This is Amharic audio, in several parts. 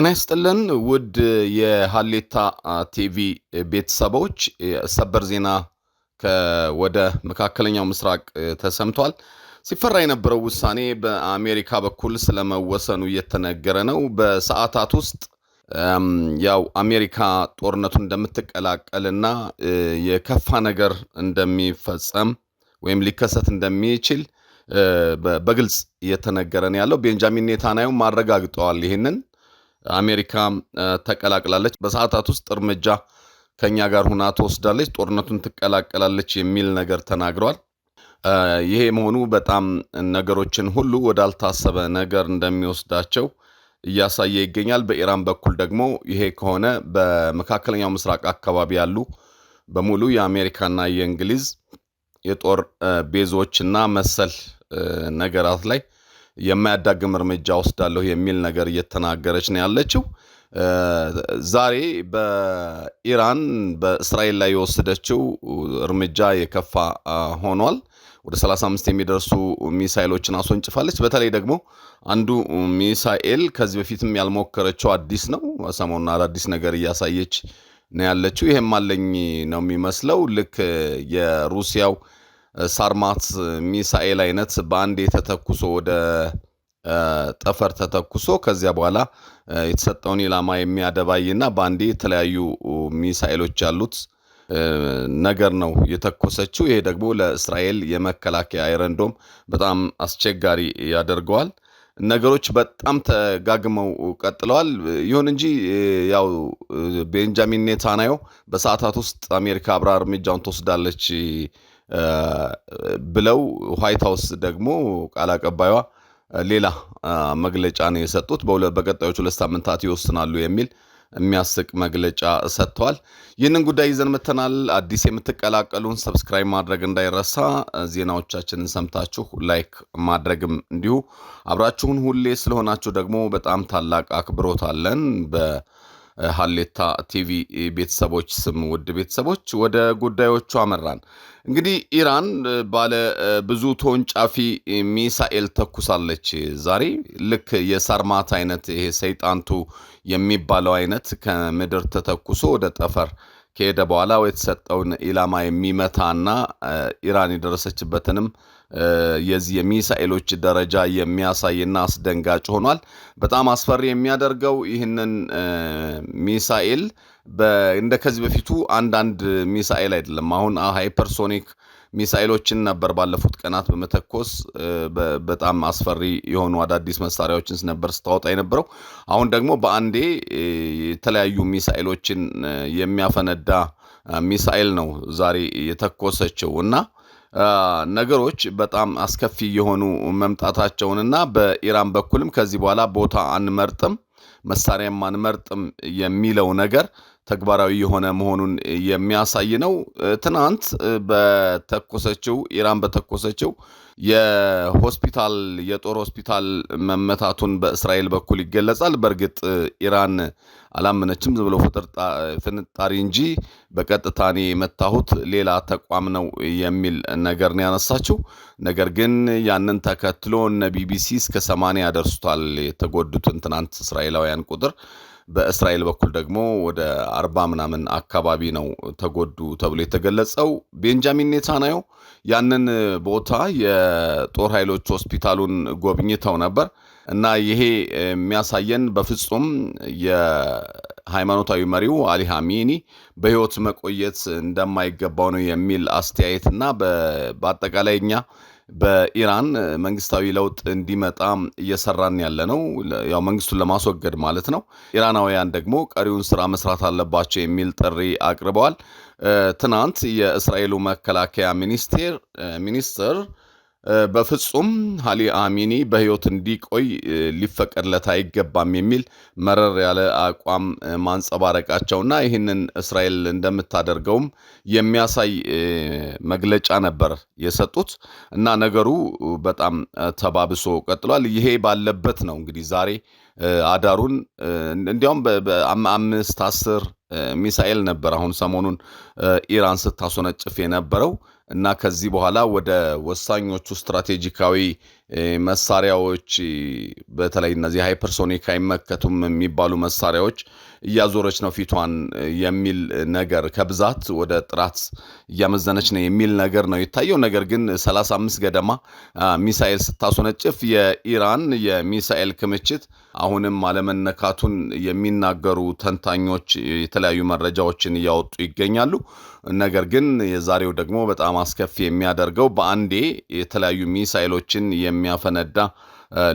ጤና ይስጥልን ውድ የሀሌታ ቲቪ ቤተሰቦች፣ ሰበር ዜና ወደ መካከለኛው ምስራቅ ተሰምቷል። ሲፈራ የነበረው ውሳኔ በአሜሪካ በኩል ስለመወሰኑ እየተነገረ ነው። በሰዓታት ውስጥ ያው አሜሪካ ጦርነቱን እንደምትቀላቀልና የከፋ ነገር እንደሚፈጸም ወይም ሊከሰት እንደሚችል በግልጽ እየተነገረ ነው ያለው። ቤንጃሚን ኔታንያሁም አረጋግጠዋል ይህንን አሜሪካ ተቀላቅላለች፣ በሰዓታት ውስጥ እርምጃ ከኛ ጋር ሁና ትወስዳለች፣ ጦርነቱን ትቀላቀላለች የሚል ነገር ተናግረዋል። ይሄ መሆኑ በጣም ነገሮችን ሁሉ ወዳልታሰበ ነገር እንደሚወስዳቸው እያሳየ ይገኛል። በኢራን በኩል ደግሞ ይሄ ከሆነ በመካከለኛው ምስራቅ አካባቢ ያሉ በሙሉ የአሜሪካና የእንግሊዝ የጦር ቤዞችና መሰል ነገራት ላይ የማያዳግም እርምጃ ወስዳለሁ የሚል ነገር እየተናገረች ነው ያለችው። ዛሬ በኢራን በእስራኤል ላይ የወሰደችው እርምጃ የከፋ ሆኗል። ወደ 35 የሚደርሱ ሚሳይሎችን አስወንጭፋለች። በተለይ ደግሞ አንዱ ሚሳኤል ከዚህ በፊትም ያልሞከረችው አዲስ ነው። ሰሞኑን አዳዲስ ነገር እያሳየች ነው ያለችው። ይህም አለኝ ነው የሚመስለው ልክ የሩሲያው ሳርማት ሚሳኤል አይነት በአንዴ ተተኩሶ ወደ ጠፈር ተተኩሶ ከዚያ በኋላ የተሰጠውን ኢላማ የሚያደባይና በአንዴ የተለያዩ ሚሳኤሎች ያሉት ነገር ነው የተኮሰችው። ይሄ ደግሞ ለእስራኤል የመከላከያ አይረንዶም በጣም አስቸጋሪ ያደርገዋል። ነገሮች በጣም ተጋግመው ቀጥለዋል። ይሁን እንጂ ያው ቤንጃሚን ኔታንያሁ በሰዓታት ውስጥ አሜሪካ አብራ እርምጃውን ትወስዳለች ብለው ዋይት ሀውስ ደግሞ ቃል አቀባይዋ ሌላ መግለጫ ነው የሰጡት። በቀጣዮች ሁለት ሳምንታት ይወስናሉ የሚል የሚያስቅ መግለጫ ሰጥተዋል። ይህንን ጉዳይ ይዘን መተናል። አዲስ የምትቀላቀሉን ሰብስክራይብ ማድረግ እንዳይረሳ፣ ዜናዎቻችንን ሰምታችሁ ላይክ ማድረግም እንዲሁ። አብራችሁን ሁሌ ስለሆናችሁ ደግሞ በጣም ታላቅ አክብሮት አለን። ሀሌታ ቲቪ ቤተሰቦች ስም ውድ ቤተሰቦች ወደ ጉዳዮቹ አመራን። እንግዲህ ኢራን ባለ ብዙ ተወንጫፊ ሚሳኤል ተኩሳለች ዛሬ። ልክ የሳርማት አይነት ይሄ ሰይጣንቱ የሚባለው አይነት ከምድር ተተኩሶ ወደ ጠፈር ከሄደ በኋላ የተሰጠውን ኢላማ የሚመታና ኢራን የደረሰችበትንም የዚህ የሚሳኤሎች ደረጃ የሚያሳይና አስደንጋጭ ሆኗል። በጣም አስፈሪ የሚያደርገው ይህንን ሚሳኤል እንደ ከዚህ በፊቱ አንዳንድ ሚሳኤል አይደለም። አሁን ሃይፐርሶኒክ ሚሳይሎችን ነበር ባለፉት ቀናት በመተኮስ በጣም አስፈሪ የሆኑ አዳዲስ መሳሪያዎችን ነበር ስታወጣ የነበረው። አሁን ደግሞ በአንዴ የተለያዩ ሚሳይሎችን የሚያፈነዳ ሚሳይል ነው ዛሬ የተኮሰችው እና ነገሮች በጣም አስከፊ የሆኑ መምጣታቸውንና በኢራን በኩልም ከዚህ በኋላ ቦታ አንመርጥም መሳሪያም አንመርጥም የሚለው ነገር ተግባራዊ የሆነ መሆኑን የሚያሳይ ነው። ትናንት በተኮሰችው ኢራን በተኮሰችው የሆስፒታል የጦር ሆስፒታል መመታቱን በእስራኤል በኩል ይገለጻል። በእርግጥ ኢራን አላመነችም። ዝም ብሎ ፍንጣሪ እንጂ በቀጥታ እኔ የመታሁት ሌላ ተቋም ነው የሚል ነገር ነው ያነሳችው። ነገር ግን ያንን ተከትሎ እነ ቢቢሲ እስከ ሰማንያ ያደርሱታል የተጎዱትን ትናንት እስራኤላውያን ቁጥር በእስራኤል በኩል ደግሞ ወደ አርባ ምናምን አካባቢ ነው ተጎዱ ተብሎ የተገለጸው። ቤንጃሚን ኔታንያሁ ያንን ቦታ የጦር ኃይሎች ሆስፒታሉን ጎብኝተው ነበር። እና ይሄ የሚያሳየን በፍጹም የሃይማኖታዊ መሪው አሊ ሀሚኒ በህይወት መቆየት እንደማይገባው ነው የሚል አስተያየት እና በአጠቃላይ እኛ በኢራን መንግስታዊ ለውጥ እንዲመጣ እየሰራን ያለ ነው። ያው መንግስቱን ለማስወገድ ማለት ነው። ኢራናውያን ደግሞ ቀሪውን ስራ መስራት አለባቸው የሚል ጥሪ አቅርበዋል። ትናንት የእስራኤሉ መከላከያ ሚኒስቴር ሚኒስትር በፍጹም ሀሊ አሚኒ በህይወት እንዲቆይ ሊፈቀድለት አይገባም የሚል መረር ያለ አቋም ማንጸባረቃቸውና ይህንን እስራኤል እንደምታደርገውም የሚያሳይ መግለጫ ነበር የሰጡት እና ነገሩ በጣም ተባብሶ ቀጥሏል። ይሄ ባለበት ነው እንግዲህ ዛሬ አዳሩን እንዲያውም አምስት አስር ሚሳኤል ነበር አሁን ሰሞኑን ኢራን ስታስወነጭፍ የነበረው እና ከዚህ በኋላ ወደ ወሳኞቹ ስትራቴጂካዊ መሳሪያዎች በተለይ እነዚህ ሃይፐርሶኒክ አይመከቱም የሚባሉ መሳሪያዎች እያዞረች ነው ፊቷን የሚል ነገር ከብዛት ወደ ጥራት እያመዘነች ነው የሚል ነገር ነው የታየው። ነገር ግን 35 ገደማ ሚሳኤል ስታስወነጭፍ የኢራን የሚሳኤል ክምችት አሁንም አለመነካቱን የሚናገሩ ተንታኞች የተለያዩ መረጃዎችን እያወጡ ይገኛሉ። ነገር ግን የዛሬው ደግሞ በጣም አስከፊ የሚያደርገው በአንዴ የተለያዩ ሚሳይሎችን የሚያፈነዳ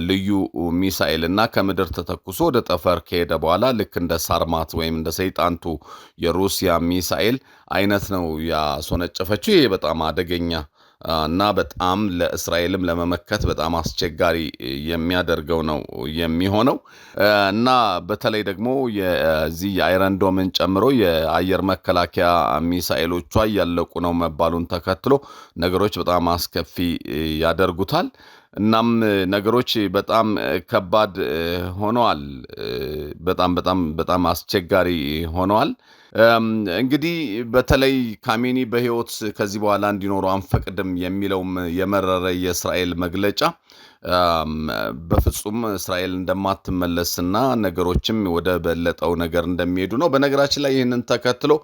ልዩ ሚሳኤል እና ከምድር ተተኩሶ ወደ ጠፈር ከሄደ በኋላ ልክ እንደ ሳርማት ወይም እንደ ሰይጣንቱ የሩሲያ ሚሳኤል አይነት ነው ያስወነጨፈችው። ይሄ በጣም አደገኛ እና በጣም ለእስራኤልም ለመመከት በጣም አስቸጋሪ የሚያደርገው ነው የሚሆነው እና በተለይ ደግሞ የዚህ ዶምን ጨምሮ የአየር መከላከያ ሚሳኤሎቿ እያለቁ ነው መባሉን ተከትሎ ነገሮች በጣም አስከፊ ያደርጉታል። እናም ነገሮች በጣም ከባድ ሆነዋል። በጣም በጣም በጣም አስቸጋሪ ሆነዋል። እንግዲህ በተለይ ካሜኒ በሕይወት ከዚህ በኋላ እንዲኖሩ አንፈቅድም የሚለውም የመረረ የእስራኤል መግለጫ በፍጹም እስራኤል እንደማትመለስና ነገሮችም ወደ በለጠው ነገር እንደሚሄዱ ነው። በነገራችን ላይ ይህንን ተከትሎ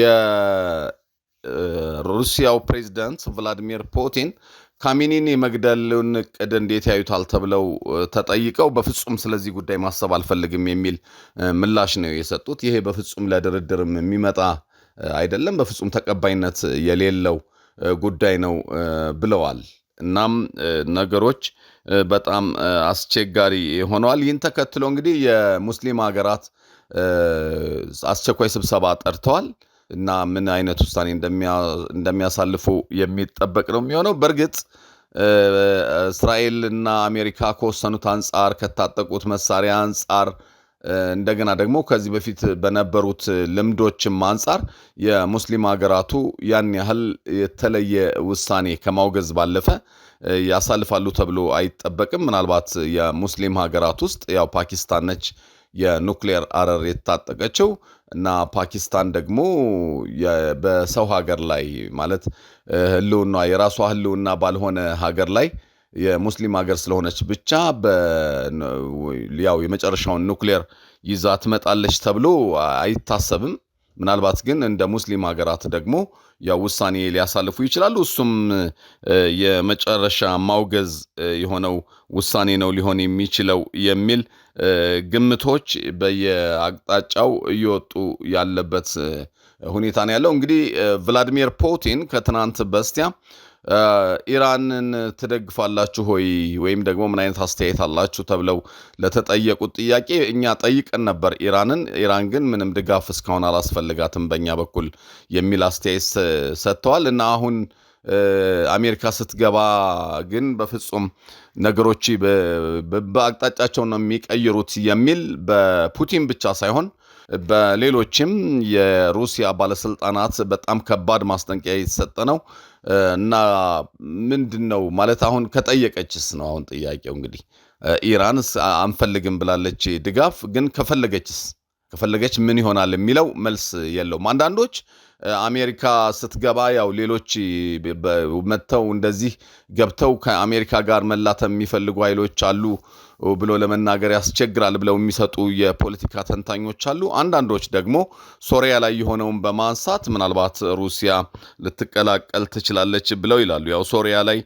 የሩሲያው ፕሬዚደንት ቭላዲሚር ፑቲን ካሚኒን የመግደልን እቅድ እንዴት ያዩታል ተብለው ተጠይቀው በፍጹም ስለዚህ ጉዳይ ማሰብ አልፈልግም የሚል ምላሽ ነው የሰጡት። ይሄ በፍጹም ለድርድርም የሚመጣ አይደለም፣ በፍጹም ተቀባይነት የሌለው ጉዳይ ነው ብለዋል። እናም ነገሮች በጣም አስቸጋሪ ሆነዋል። ይህን ተከትሎ እንግዲህ የሙስሊም ሀገራት አስቸኳይ ስብሰባ ጠርተዋል። እና ምን አይነት ውሳኔ እንደሚያሳልፉ የሚጠበቅ ነው የሚሆነው። በእርግጥ እስራኤል እና አሜሪካ ከወሰኑት አንጻር፣ ከታጠቁት መሳሪያ አንጻር እንደገና ደግሞ ከዚህ በፊት በነበሩት ልምዶችም አንጻር የሙስሊም ሀገራቱ ያን ያህል የተለየ ውሳኔ ከማውገዝ ባለፈ ያሳልፋሉ ተብሎ አይጠበቅም። ምናልባት የሙስሊም ሀገራት ውስጥ ያው ፓኪስታን ነች የኑክሌር አረር የታጠቀችው እና ፓኪስታን ደግሞ በሰው ሀገር ላይ ማለት ህልውና የራሷ ህልውና ባልሆነ ሀገር ላይ የሙስሊም ሀገር ስለሆነች ብቻ ያው የመጨረሻውን ኑክሌር ይዛ ትመጣለች ተብሎ አይታሰብም። ምናልባት ግን እንደ ሙስሊም ሀገራት ደግሞ ያው ውሳኔ ሊያሳልፉ ይችላሉ። እሱም የመጨረሻ ማውገዝ የሆነው ውሳኔ ነው ሊሆን የሚችለው የሚል ግምቶች በየአቅጣጫው እየወጡ ያለበት ሁኔታ ነው ያለው። እንግዲህ ቭላዲሚር ፑቲን ከትናንት በስቲያ ኢራንን ትደግፋላችሁ ሆይ ወይም ደግሞ ምን አይነት አስተያየት አላችሁ ተብለው ለተጠየቁት ጥያቄ እኛ ጠይቀን ነበር ኢራንን። ኢራን ግን ምንም ድጋፍ እስካሁን አላስፈልጋትም በእኛ በኩል የሚል አስተያየት ሰጥተዋል። እና አሁን አሜሪካ ስትገባ ግን በፍጹም ነገሮች በአቅጣጫቸው ነው የሚቀይሩት የሚል በፑቲን ብቻ ሳይሆን በሌሎችም የሩሲያ ባለስልጣናት በጣም ከባድ ማስጠንቀቂያ የተሰጠ ነው። እና ምንድን ነው ማለት አሁን ከጠየቀችስ ነው አሁን ጥያቄው እንግዲህ ኢራንስ አንፈልግም ብላለች ድጋፍ ግን ከፈለገችስ ከፈለገች ምን ይሆናል የሚለው መልስ የለውም። አንዳንዶች አሜሪካ ስትገባ ያው ሌሎች መጥተው እንደዚህ ገብተው ከአሜሪካ ጋር መላተም የሚፈልጉ ኃይሎች አሉ ብሎ ለመናገር ያስቸግራል ብለው የሚሰጡ የፖለቲካ ተንታኞች አሉ። አንዳንዶች ደግሞ ሶሪያ ላይ የሆነውን በማንሳት ምናልባት ሩሲያ ልትቀላቀል ትችላለች ብለው ይላሉ። ያው ሶሪያ ላይ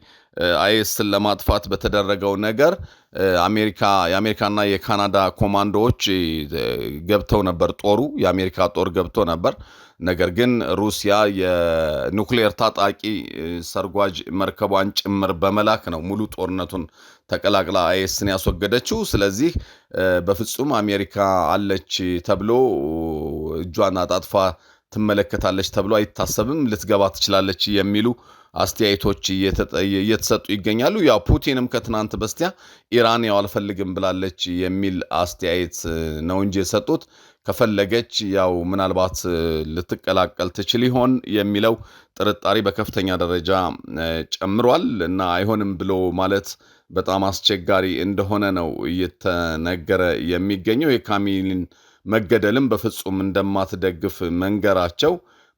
አይስን ለማጥፋት በተደረገው ነገር አሜሪካ የአሜሪካና የካናዳ ኮማንዶዎች ገብተው ነበር። ጦሩ የአሜሪካ ጦር ገብቶ ነበር። ነገር ግን ሩሲያ የኑክሌር ታጣቂ ሰርጓጅ መርከቧን ጭምር በመላክ ነው ሙሉ ጦርነቱን ተቀላቅላ አይስን ያስወገደችው። ስለዚህ በፍጹም አሜሪካ አለች ተብሎ እጇን አጣጥፋ ትመለከታለች ተብሎ አይታሰብም። ልትገባ ትችላለች የሚሉ አስተያየቶች እየተሰጡ ይገኛሉ። ያው ፑቲንም ከትናንት በስቲያ ኢራን ያው አልፈልግም ብላለች የሚል አስተያየት ነው እንጂ የሰጡት ከፈለገች ያው ምናልባት ልትቀላቀል ትችል ይሆን የሚለው ጥርጣሬ በከፍተኛ ደረጃ ጨምሯል እና አይሆንም ብሎ ማለት በጣም አስቸጋሪ እንደሆነ ነው እየተነገረ የሚገኘው የካሚልን መገደልም በፍጹም እንደማትደግፍ መንገራቸው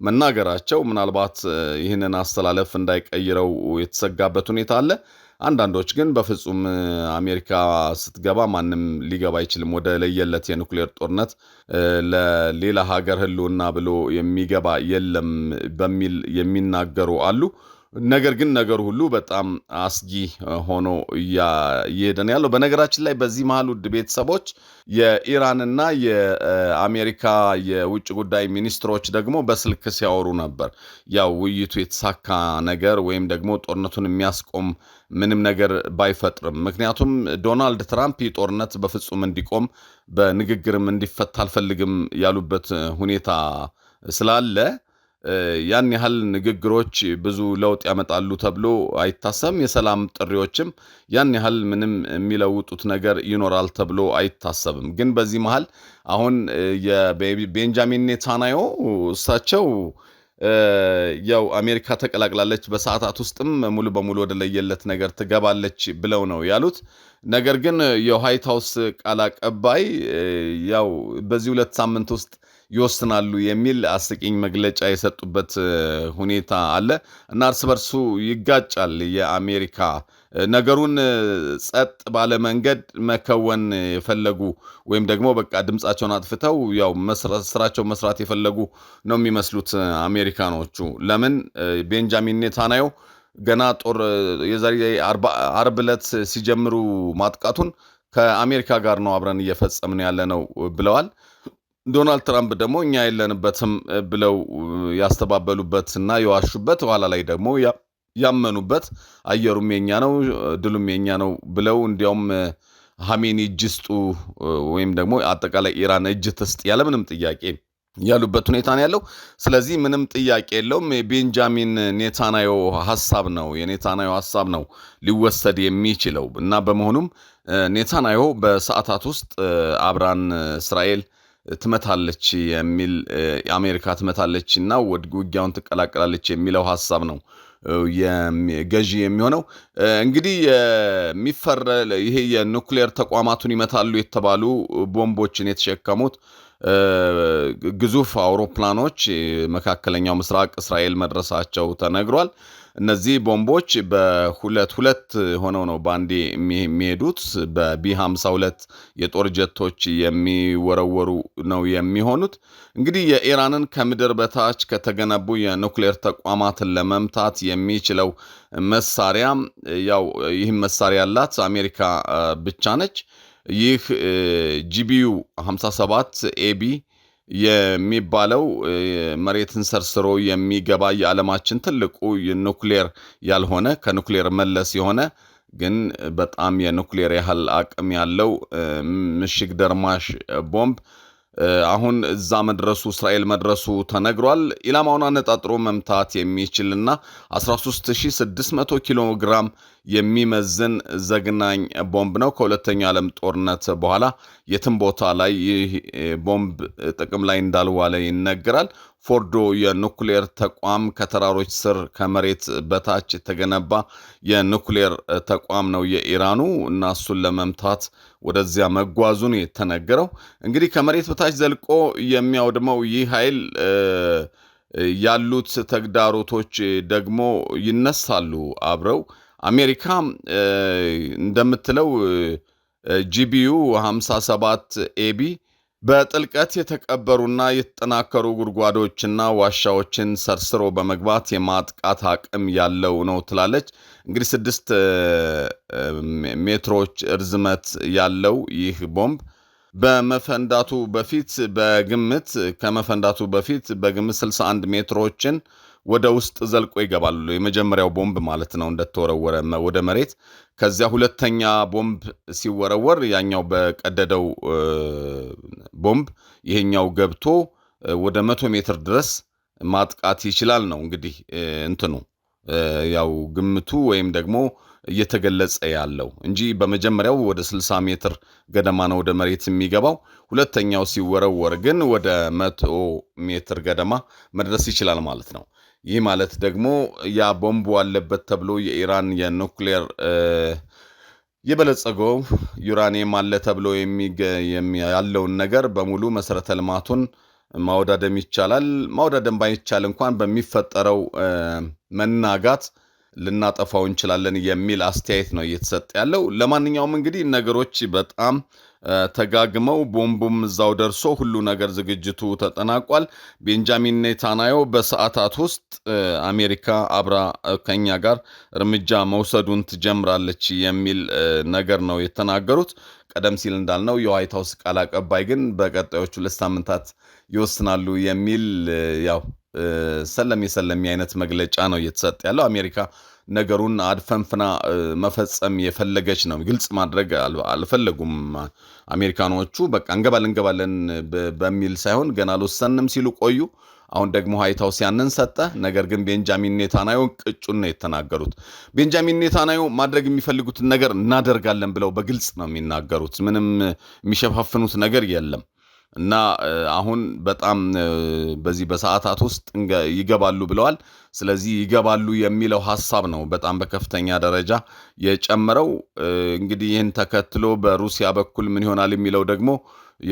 መናገራቸው ምናልባት ይህንን አስተላለፍ እንዳይቀይረው የተሰጋበት ሁኔታ አለ። አንዳንዶች ግን በፍጹም አሜሪካ ስትገባ ማንም ሊገባ አይችልም ወደ ለየለት የኑክሌር ጦርነት ለሌላ ሀገር ሕልውና ብሎ የሚገባ የለም በሚል የሚናገሩ አሉ። ነገር ግን ነገሩ ሁሉ በጣም አስጊ ሆኖ እየሄደ ነው ያለው። በነገራችን ላይ በዚህ መሀል ውድ ቤተሰቦች የኢራንና የአሜሪካ የውጭ ጉዳይ ሚኒስትሮች ደግሞ በስልክ ሲያወሩ ነበር። ያው ውይይቱ የተሳካ ነገር ወይም ደግሞ ጦርነቱን የሚያስቆም ምንም ነገር ባይፈጥርም፣ ምክንያቱም ዶናልድ ትራምፕ ጦርነት በፍጹም እንዲቆም በንግግርም እንዲፈታ አልፈልግም ያሉበት ሁኔታ ስላለ ያን ያህል ንግግሮች ብዙ ለውጥ ያመጣሉ ተብሎ አይታሰብም። የሰላም ጥሪዎችም ያን ያህል ምንም የሚለውጡት ነገር ይኖራል ተብሎ አይታሰብም። ግን በዚህ መሀል አሁን የቤንጃሚን ኔታናዮ እሳቸው ያው አሜሪካ ተቀላቅላለች፣ በሰዓታት ውስጥም ሙሉ በሙሉ ወደ ለየለት ነገር ትገባለች ብለው ነው ያሉት። ነገር ግን የዋይት ሀውስ ቃል አቀባይ ያው በዚህ ሁለት ሳምንት ውስጥ ይወስናሉ የሚል አስቂኝ መግለጫ የሰጡበት ሁኔታ አለ እና እርስ በርሱ ይጋጫል። የአሜሪካ ነገሩን ጸጥ ባለ መንገድ መከወን የፈለጉ ወይም ደግሞ በቃ ድምፃቸውን አጥፍተው ያው ስራቸው መስራት የፈለጉ ነው የሚመስሉት አሜሪካኖቹ። ለምን ቤንጃሚን ኔታንያሁ ገና ጦር የዛሬ አርብ ዕለት ሲጀምሩ ማጥቃቱን ከአሜሪካ ጋር ነው አብረን እየፈጸምን ያለ ነው ብለዋል። ዶናልድ ትራምፕ ደግሞ እኛ የለንበትም ብለው ያስተባበሉበትና የዋሹበት ኋላ ላይ ደግሞ ያመኑበት አየሩም የኛ ነው፣ ድሉም የኛ ነው ብለው እንዲያውም ሀሜኒ እጅ ስጡ ወይም ደግሞ አጠቃላይ ኢራን እጅ ትስጥ ያለምንም ጥያቄ ያሉበት ሁኔታ ነው ያለው። ስለዚህ ምንም ጥያቄ የለውም የቤንጃሚን ኔታናዮ ሀሳብ ነው የኔታናዮ ሀሳብ ነው ሊወሰድ የሚችለው እና በመሆኑም ኔታናዮ በሰዓታት ውስጥ አብራን እስራኤል ትመታለች የሚል አሜሪካ ትመታለች እና ውጊያውን ትቀላቀላለች የሚለው ሀሳብ ነው ገዢ የሚሆነው። እንግዲህ የሚፈረ ይሄ የኑክሌር ተቋማቱን ይመታሉ የተባሉ ቦምቦችን የተሸከሙት ግዙፍ አውሮፕላኖች መካከለኛው ምስራቅ እስራኤል መድረሳቸው ተነግሯል። እነዚህ ቦምቦች በሁለት ሁለት ሆነው ነው በአንዴ የሚሄዱት። በቢ 52 የጦር ጀቶች የሚወረወሩ ነው የሚሆኑት። እንግዲህ የኢራንን ከምድር በታች ከተገነቡ የኑክሌር ተቋማትን ለመምታት የሚችለው መሳሪያ ያው ይህም መሳሪያ ያላት አሜሪካ ብቻ ነች። ይህ ጂቢዩ 57 ኤቢ የሚባለው መሬትን ሰርስሮ የሚገባ የዓለማችን ትልቁ ኑክሌር ያልሆነ ከኑክሌር መለስ የሆነ ግን በጣም የኑክሌር ያህል አቅም ያለው ምሽግ ደርማሽ ቦምብ አሁን እዛ መድረሱ እስራኤል መድረሱ ተነግሯል። ኢላማውን አነጣጥሮ መምታት የሚችልና 13600 ኪሎ ግራም የሚመዝን ዘግናኝ ቦምብ ነው። ከሁለተኛው ዓለም ጦርነት በኋላ የትም ቦታ ላይ ይህ ቦምብ ጥቅም ላይ እንዳልዋለ ይነገራል። ፎርዶ የኑክሌር ተቋም ከተራሮች ስር ከመሬት በታች የተገነባ የኑክሌር ተቋም ነው የኢራኑ እና እሱን ለመምታት ወደዚያ መጓዙን የተነገረው። እንግዲህ ከመሬት በታች ዘልቆ የሚያወድመው ይህ ኃይል ያሉት ተግዳሮቶች ደግሞ ይነሳሉ አብረው። አሜሪካ እንደምትለው ጂቢዩ 57 ኤቢ በጥልቀት የተቀበሩና የተጠናከሩ ጉድጓዶችና ዋሻዎችን ሰርስሮ በመግባት የማጥቃት አቅም ያለው ነው ትላለች። እንግዲህ ስድስት ሜትሮች እርዝመት ያለው ይህ ቦምብ በመፈንዳቱ በፊት በግምት ከመፈንዳቱ በፊት በግምት 61 ሜትሮችን ወደ ውስጥ ዘልቆ ይገባሉ። የመጀመሪያው ቦምብ ማለት ነው እንደተወረወረ ወደ መሬት። ከዚያ ሁለተኛ ቦምብ ሲወረወር ያኛው በቀደደው ቦምብ ይሄኛው ገብቶ ወደ መቶ ሜትር ድረስ ማጥቃት ይችላል ነው እንግዲህ እንትኑ ያው ግምቱ ወይም ደግሞ እየተገለጸ ያለው እንጂ በመጀመሪያው ወደ 60 ሜትር ገደማ ነው ወደ መሬት የሚገባው። ሁለተኛው ሲወረወር ግን ወደ መቶ ሜትር ገደማ መድረስ ይችላል ማለት ነው። ይህ ማለት ደግሞ ያ ቦምቡ አለበት ተብሎ የኢራን የኑክሌር የበለጸገው ዩራኒየም አለ ተብሎ ያለውን ነገር በሙሉ መሰረተ ልማቱን ማውዳደም ይቻላል። ማውዳደም ባይቻል እንኳን በሚፈጠረው መናጋት ልናጠፋው እንችላለን የሚል አስተያየት ነው እየተሰጠ ያለው። ለማንኛውም እንግዲህ ነገሮች በጣም ተጋግመው ቦምቡም እዛው ደርሶ ሁሉ ነገር ዝግጅቱ ተጠናቋል። ቤንጃሚን ኔታናዮ በሰዓታት ውስጥ አሜሪካ አብራ ከኛ ጋር እርምጃ መውሰዱን ትጀምራለች የሚል ነገር ነው የተናገሩት። ቀደም ሲል እንዳልነው የዋይት ሀውስ ቃል አቀባይ ግን በቀጣዮቹ ሁለት ሳምንታት ይወስናሉ የሚል ያው ሰለሚ የሰለሚ አይነት መግለጫ ነው እየተሰጠ ያለው አሜሪካ ነገሩን አድፈንፍና መፈጸም የፈለገች ነው። ግልጽ ማድረግ አልፈለጉም አሜሪካኖቹ። በቃ እንገባለን እንገባለን በሚል ሳይሆን ገና አልወሰንም ሲሉ ቆዩ። አሁን ደግሞ ዋይት ሀውስ ያንን ሰጠ። ነገር ግን ቤንጃሚን ኔታናዩ ቅጩን ነው የተናገሩት። ቤንጃሚን ኔታናዩ ማድረግ የሚፈልጉትን ነገር እናደርጋለን ብለው በግልጽ ነው የሚናገሩት። ምንም የሚሸፋፍኑት ነገር የለም። እና አሁን በጣም በዚህ በሰዓታት ውስጥ ይገባሉ ብለዋል። ስለዚህ ይገባሉ የሚለው ሀሳብ ነው በጣም በከፍተኛ ደረጃ የጨመረው። እንግዲህ ይህን ተከትሎ በሩሲያ በኩል ምን ይሆናል የሚለው ደግሞ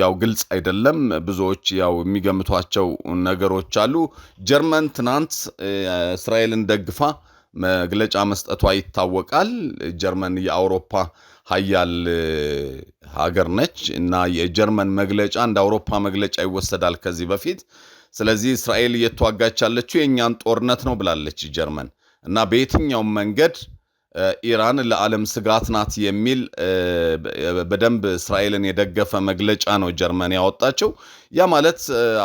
ያው ግልጽ አይደለም። ብዙዎች ያው የሚገምቷቸው ነገሮች አሉ። ጀርመን ትናንት እስራኤልን ደግፋ መግለጫ መስጠቷ ይታወቃል። ጀርመን የአውሮፓ ሀያል ሀገር ነች እና የጀርመን መግለጫ እንደ አውሮፓ መግለጫ ይወሰዳል ከዚህ በፊት። ስለዚህ እስራኤል እየተዋጋች ያለችው የእኛን ጦርነት ነው ብላለች ጀርመን እና በየትኛውም መንገድ ኢራን ለዓለም ስጋት ናት የሚል በደንብ እስራኤልን የደገፈ መግለጫ ነው ጀርመን ያወጣችው። ያ ማለት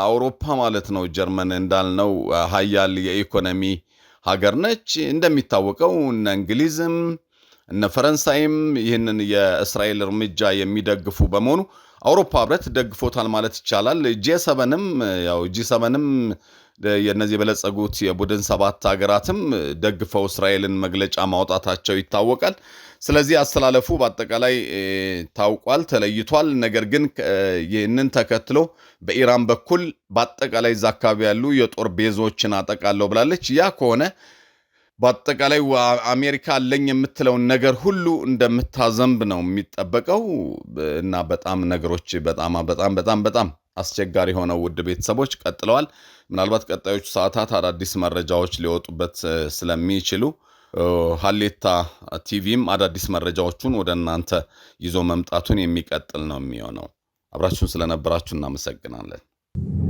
አውሮፓ ማለት ነው። ጀርመን እንዳልነው ሀያል የኢኮኖሚ ሀገር ነች። እንደሚታወቀው እነ እንግሊዝም እነ ፈረንሳይም ይህንን የእስራኤል እርምጃ የሚደግፉ በመሆኑ አውሮፓ ህብረት ደግፎታል ማለት ይቻላል። 7 ያው ጂ የእነዚህ የበለጸጉት የቡድን ሰባት ሀገራትም ደግፈው እስራኤልን መግለጫ ማውጣታቸው ይታወቃል። ስለዚህ አስተላለፉ በአጠቃላይ ታውቋል፣ ተለይቷል። ነገር ግን ይህንን ተከትሎ በኢራን በኩል በአጠቃላይ እዛ አካባቢ ያሉ የጦር ቤዞችን አጠቃለሁ ብላለች። ያ ከሆነ በአጠቃላይ አሜሪካ አለኝ የምትለውን ነገር ሁሉ እንደምታዘንብ ነው የሚጠበቀው እና በጣም ነገሮች በጣም በጣም በጣም በጣም አስቸጋሪ ሆነው ውድ ቤተሰቦች ቀጥለዋል። ምናልባት ቀጣዮቹ ሰዓታት አዳዲስ መረጃዎች ሊወጡበት ስለሚችሉ ሀሌታ ቲቪም አዳዲስ መረጃዎቹን ወደ እናንተ ይዞ መምጣቱን የሚቀጥል ነው የሚሆነው። አብራችሁን ስለነበራችሁ እናመሰግናለን።